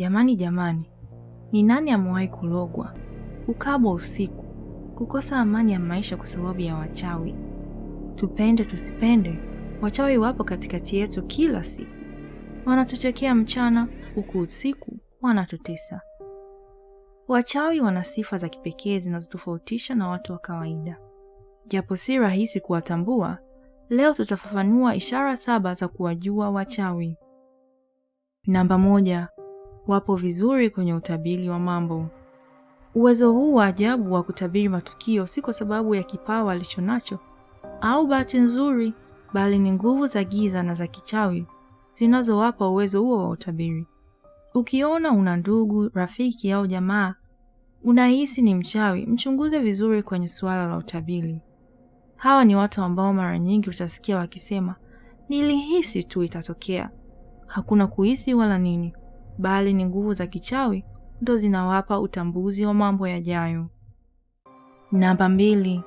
Jamani, jamani, ni nani amewahi kulogwa, kukabwa usiku, kukosa amani ya maisha kwa sababu ya wachawi? Tupende tusipende, wachawi wapo katikati yetu kila siku. Wanatuchekea mchana, huku usiku wanatutesa. Wachawi wana sifa za kipekee zinazotofautisha na watu wa kawaida. Japo si rahisi kuwatambua, leo tutafafanua ishara saba za kuwajua wachawi. Namba moja, wapo vizuri kwenye utabiri wa mambo. Uwezo huu wa ajabu wa kutabiri matukio si kwa sababu ya kipawa alichonacho au bahati nzuri, bali ni nguvu za giza na za kichawi zinazowapa uwezo huo wa utabiri. Ukiona una ndugu, rafiki au jamaa unahisi ni mchawi, mchunguze vizuri kwenye suala la utabiri. Hawa ni watu ambao mara nyingi utasikia wakisema nilihisi tu itatokea, hakuna kuhisi wala nini bali ni nguvu za kichawi ndo zinawapa utambuzi wa mambo yajayo. Namba mbili.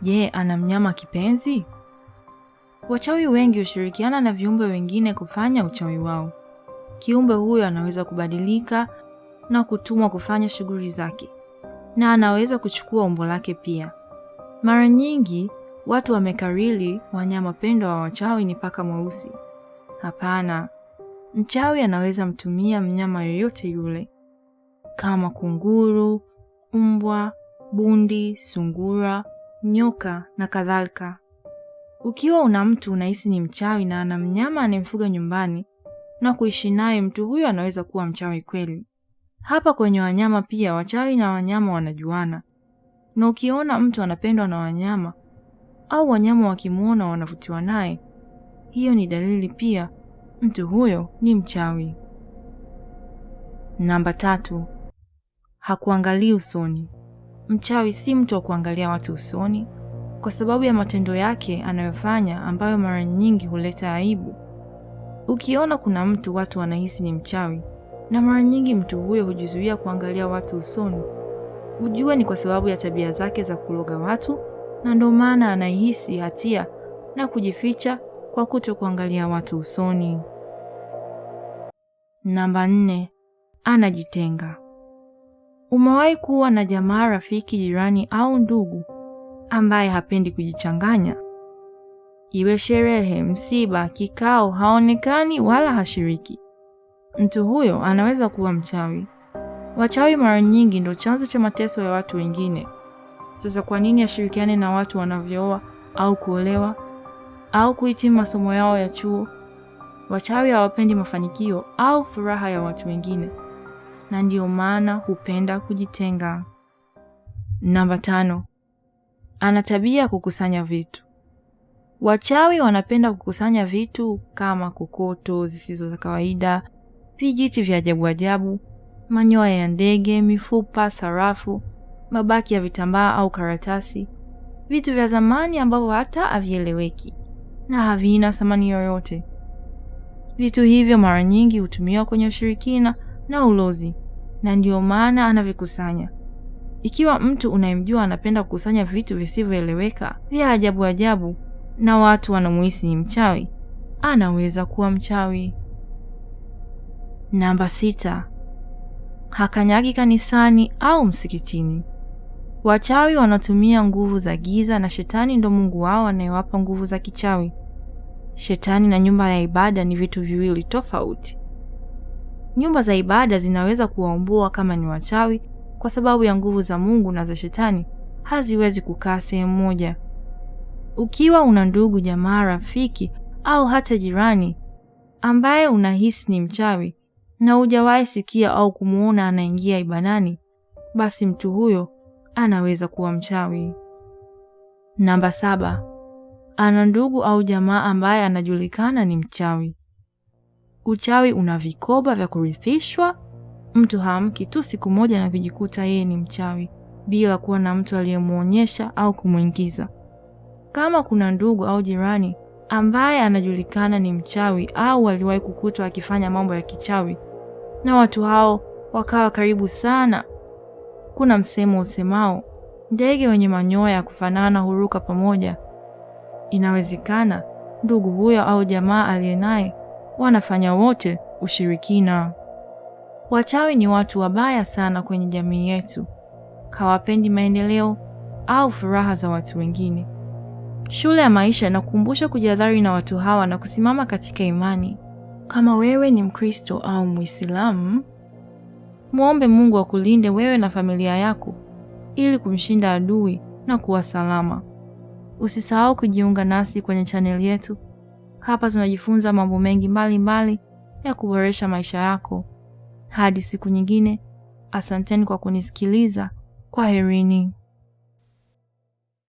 Je, ana mnyama kipenzi? Wachawi wengi hushirikiana na viumbe wengine kufanya uchawi wao. Kiumbe huyo anaweza kubadilika na kutumwa kufanya shughuli zake, na anaweza kuchukua umbo lake pia. Mara nyingi watu wamekarili wanyama pendwa wa wachawi ni paka mweusi. Hapana, Mchawi anaweza mtumia mnyama yoyote yule kama kunguru, mbwa, bundi, sungura, nyoka na kadhalika. Ukiwa una mtu unahisi ni mchawi na ana mnyama anayemfuga nyumbani na kuishi naye, mtu huyo anaweza kuwa mchawi kweli. Hapa kwenye wanyama pia, wachawi na wanyama wanajuana, na ukiona mtu anapendwa na wanyama au wanyama wakimwona wanavutiwa naye, hiyo ni dalili pia mtu huyo ni mchawi. Namba tatu, hakuangalii usoni. Mchawi si mtu wa kuangalia watu usoni kwa sababu ya matendo yake anayofanya ambayo mara nyingi huleta aibu. Ukiona kuna mtu watu wanahisi ni mchawi, na mara nyingi mtu huyo hujizuia kuangalia watu usoni, ujue ni kwa sababu ya tabia zake za kuloga watu, na ndio maana anahisi hatia na kujificha kwa kuto kuangalia watu usoni. Namba nne, anajitenga. Umewahi kuwa na jamaa, rafiki, jirani au ndugu ambaye hapendi kujichanganya? Iwe sherehe, msiba, kikao, haonekani wala hashiriki. Mtu huyo anaweza kuwa mchawi. Wachawi mara nyingi ndo chanzo cha mateso ya watu wengine. Sasa kwa nini ashirikiane na watu wanavyooa au kuolewa au kuhitimu masomo yao ya chuo. Wachawi hawapendi mafanikio au furaha ya watu wengine, na ndiyo maana hupenda kujitenga. Namba tano, ana tabia ya kukusanya vitu. Wachawi wanapenda kukusanya vitu kama kokoto zisizo za kawaida, vijiti vya ajabu ajabu, manyoya ya ndege, mifupa, sarafu, mabaki ya vitambaa au karatasi, vitu vya zamani ambavyo hata havieleweki na havina thamani yoyote. Vitu hivyo mara nyingi hutumiwa kwenye ushirikina na ulozi, na ndiyo maana anavikusanya. Ikiwa mtu unayemjua anapenda kukusanya vitu visivyoeleweka vya ajabu ajabu na watu wanamuhisi ni mchawi, anaweza kuwa mchawi. Namba sita. Hakanyagi kanisani au msikitini. Wachawi wanatumia nguvu za giza na shetani ndo mungu wao anayewapa nguvu za kichawi. Shetani na nyumba ya ibada ni vitu viwili tofauti. Nyumba za ibada zinaweza kuwaumbua kama ni wachawi, kwa sababu ya nguvu za Mungu na za shetani haziwezi kukaa sehemu moja. Ukiwa una ndugu, jamaa, rafiki au hata jirani ambaye unahisi ni mchawi na hujawahi sikia au kumwona anaingia ibadani, basi mtu huyo anaweza kuwa mchawi. Namba saba, ana ndugu au jamaa ambaye anajulikana ni mchawi. Uchawi una vikoba vya kurithishwa. Mtu haamki tu siku moja na kujikuta yeye ni mchawi bila kuwa na mtu aliyemwonyesha au kumwingiza. Kama kuna ndugu au jirani ambaye anajulikana ni mchawi au aliwahi kukutwa akifanya mambo ya kichawi na watu hao wakawa karibu sana kuna msemo usemao ndege wenye manyoya ya kufanana huruka pamoja. Inawezekana ndugu huyo au jamaa aliye naye wanafanya wote ushirikina. Wachawi ni watu wabaya sana kwenye jamii yetu, hawapendi maendeleo au furaha za watu wengine. Shule ya maisha inakumbusha kujihadhari na watu hawa na kusimama katika imani. Kama wewe ni Mkristo au Mwislamu, Mwombe Mungu akulinde wewe na familia yako ili kumshinda adui na kuwa salama. Usisahau kujiunga nasi kwenye chaneli yetu. Hapa tunajifunza mambo mengi mbalimbali mbali ya kuboresha maisha yako. Hadi siku nyingine, asanteni kwa kunisikiliza. Kwaherini.